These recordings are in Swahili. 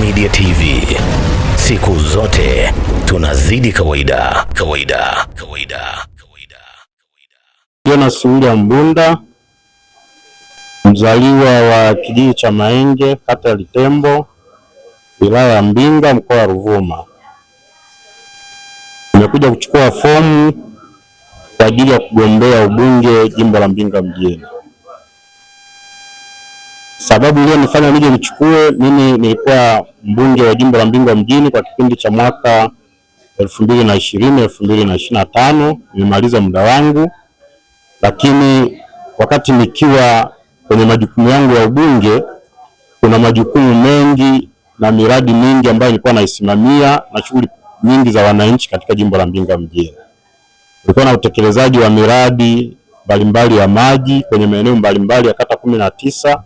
Media TV, siku zote tunazidi kawaida kawaida kawaida kawaida. Jonas William Mbunda mzaliwa wa kijiji cha Maenge, kata ya Litembo, wilaya ya Mbinga, mkoa wa Ruvuma. Nimekuja kuchukua fomu kwa ajili ya kugombea ubunge jimbo la Mbinga mjini. Sababu iliyonifanya nije nichukue, mimi nilikuwa mbunge wa jimbo la Mbinga mjini kwa kipindi cha mwaka elfu mbili na ishirini elfu mbili na ishirini na tano nimemaliza muda wangu, lakini wakati nikiwa kwenye majukumu yangu ya ubunge, kuna majukumu mengi na miradi mingi ambayo nilikuwa naisimamia na shughuli nyingi za wananchi katika jimbo la Mbinga mjini. Kulikuwa na utekelezaji wa miradi mbalimbali ya maji kwenye maeneo mbalimbali ya kata kumi na tisa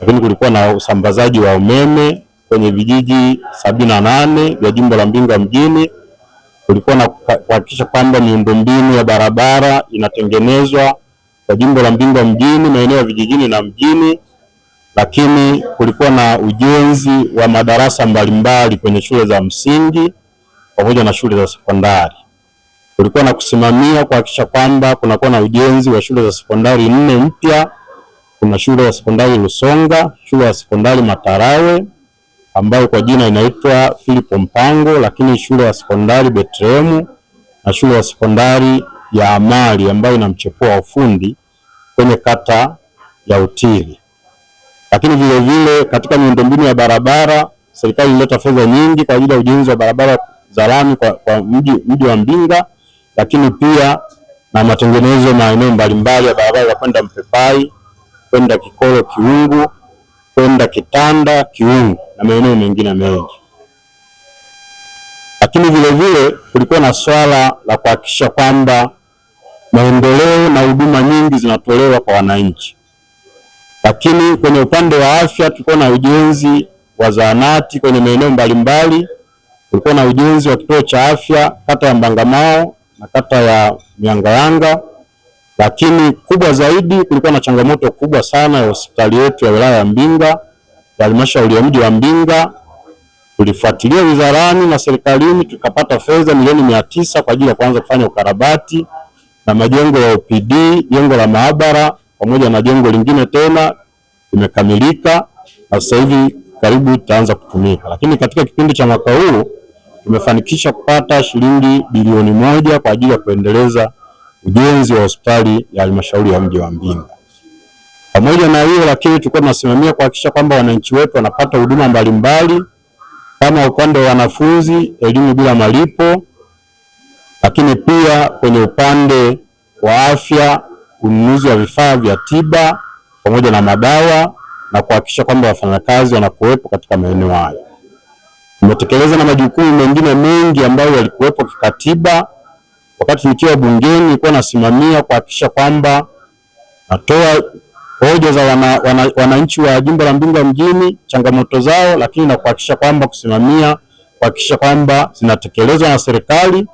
lakini kulikuwa na usambazaji wa umeme kwenye vijiji sabini na nane vya jimbo la Mbinga mjini. Kulikuwa na kuhakikisha kwamba miundombinu ya barabara inatengenezwa kwa jimbo la Mbinga mjini, maeneo ya vijijini na mjini, lakini kulikuwa na ujenzi wa madarasa mbalimbali kwenye shule za msingi pamoja na shule za sekondari. Kulikuwa na kusimamia kuhakikisha kwamba kunakuwa na ujenzi wa shule za sekondari nne mpya kuna shule ya sekondari Lusonga, shule ya sekondari Matarawe ambayo kwa jina inaitwa Philip Mpango, lakini shule ya sekondari Betlehemu na shule ya sekondari ya Amali ambayo ina mchepuo wa ufundi kwenye kata ya Utili. Lakini vilevile katika miundombinu ya barabara, serikali ilileta fedha nyingi kwa ajili ya ujenzi wa barabara za lami kwa, kwa mji, mji wa Mbinga, lakini pia na matengenezo maeneo mbalimbali ya barabara ya kwenda Mpepai kwenda Kikolo Kiungu, kwenda Kitanda Kiungu na maeneo mengine mengi. Lakini vilevile kulikuwa na swala la kuhakikisha kwamba maendeleo na huduma nyingi zinatolewa kwa wananchi. Lakini kwenye upande wa afya tulikuwa na ujenzi wa zahanati kwenye maeneo mbalimbali, kulikuwa na ujenzi wa kituo cha afya kata ya Mbangamao na kata ya Miangayanga lakini kubwa zaidi, kulikuwa na changamoto kubwa sana ya hospitali yetu ya wilaya ya Mbinga, halmashauri ya mji wa Mbinga. Tulifuatilia wizarani na serikalini, tukapata fedha milioni mia tisa kwa ajili ya kuanza kufanya ukarabati na majengo ya OPD, jengo la maabara pamoja na jengo lingine tena limekamilika na sasa hivi karibu itaanza kutumika. Lakini katika kipindi cha mwaka huu tumefanikisha kupata shilingi bilioni moja kwa ajili ya kuendeleza ujenzi wa hospitali ya halmashauri ya mji wa Mbinga. Pamoja na hiyo lakini, tulikuwa tunasimamia kuhakikisha kwamba wananchi wetu wanapata huduma mbalimbali kama upande wa wanafunzi, elimu bila malipo, lakini pia kwenye upande wa afya, ununuzi wa vifaa vya tiba pamoja na madawa na kuhakikisha kwamba wafanyakazi wanakuwepo katika maeneo hayo. Tumetekeleza na majukumu mengine mengi ambayo yalikuwepo kikatiba wakati nikiwa bungeni nilikuwa nasimamia kuhakikisha kwamba natoa hoja za wananchi wana, wana wa jimbo la Mbinga mjini, changamoto zao, lakini na kuhakikisha kwamba kusimamia kuhakikisha kwamba zinatekelezwa na serikali.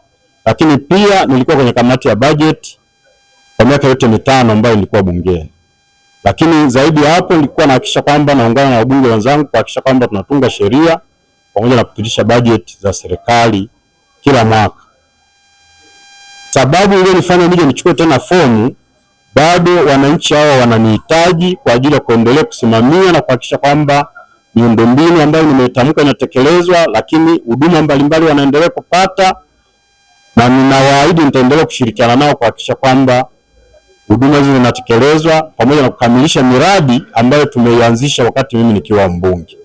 Lakini pia nilikuwa kwenye kamati ya bajeti kwa miaka yote mitano ambayo nilikuwa bungeni, lakini zaidi ya hapo nilikuwa nahakikisha kwamba naungana na wabunge wenzangu kuhakikisha kwamba tunatunga sheria pamoja na kupitisha bajeti za serikali kila mwaka sababu iliyonifanya nije nichukue tena fomu, bado wananchi hawa wananihitaji kwa ajili ya kuendelea kusimamia na kuhakikisha kwamba miundombinu ambayo nimetamka inatekelezwa, lakini huduma mbalimbali wanaendelea kupata, na ninawaahidi nitaendelea kushirikiana nao kuhakikisha kwamba huduma hizo zinatekelezwa pamoja na kukamilisha miradi ambayo tumeianzisha wakati mimi nikiwa mbunge,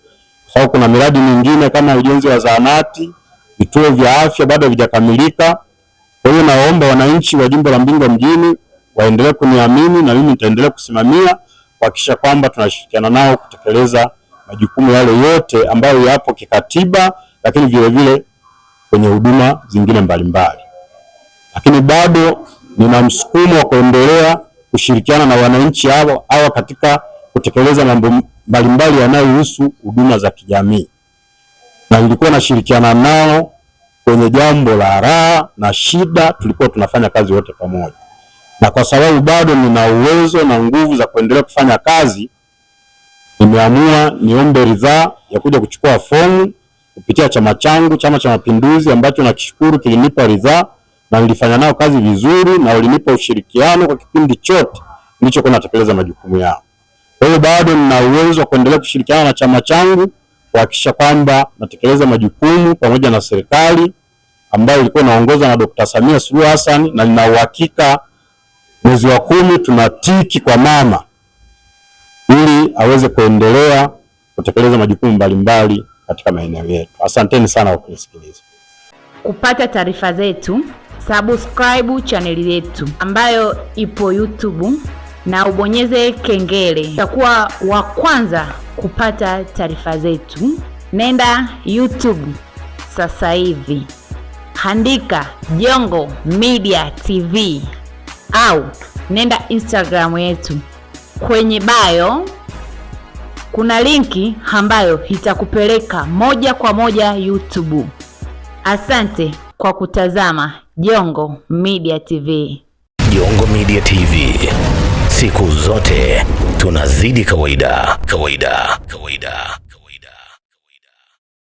kwa sababu kuna miradi mingine kama ujenzi wa zahanati, vituo vya afya bado havijakamilika. Kwa hiyo nawaomba wananchi wa jimbo la Mbinga mjini waendelee kuniamini na mimi nitaendelea kusimamia kuhakikisha kwamba tunashirikiana nao kutekeleza majukumu yale yote ambayo yapo kikatiba, lakini vilevile kwenye huduma zingine mbalimbali. Lakini bado nina msukumo wa kuendelea kushirikiana na wananchi hao hawa katika kutekeleza mambo mbalimbali yanayohusu huduma za kijamii, na nilikuwa nashirikiana nao kwenye jambo la raha na shida, tulikuwa tunafanya kazi wote pamoja, na kwa sababu bado nina uwezo na nguvu za kuendelea kufanya kazi, nimeamua niombe ridhaa ya kuja kuchukua fomu kupitia chama changu, Chama cha Mapinduzi, ambacho nakishukuru kilinipa ridhaa na nilifanya nao kazi vizuri na walinipa ushirikiano kwa kipindi chote nilichokuwa natekeleza majukumu yao. Kwa hiyo bado nina uwezo wa kuendelea kushirikiana na chama changu kuhakikisha kwamba natekeleza majukumu pamoja na serikali ambayo ilikuwa inaongozwa na Dr. Samia Suluhu Hassan, na nina uhakika mwezi wa kumi tunatiki kwa mama ili aweze kuendelea kutekeleza majukumu mbalimbali katika maeneo yetu. Asanteni sana kwa kunisikiliza. Kupata taarifa zetu, subscribe chaneli yetu ambayo ipo YouTube na ubonyeze kengele, utakuwa wa kwanza kupata taarifa zetu. Nenda YouTube sasa hivi andika Jongo Media TV au nenda Instagram yetu. Kwenye bio kuna linki ambayo itakupeleka moja kwa moja YouTube. Asante kwa kutazama Jongo Media TV. Jongo Media TV, siku zote tunazidi kawaida kawaida kawaida.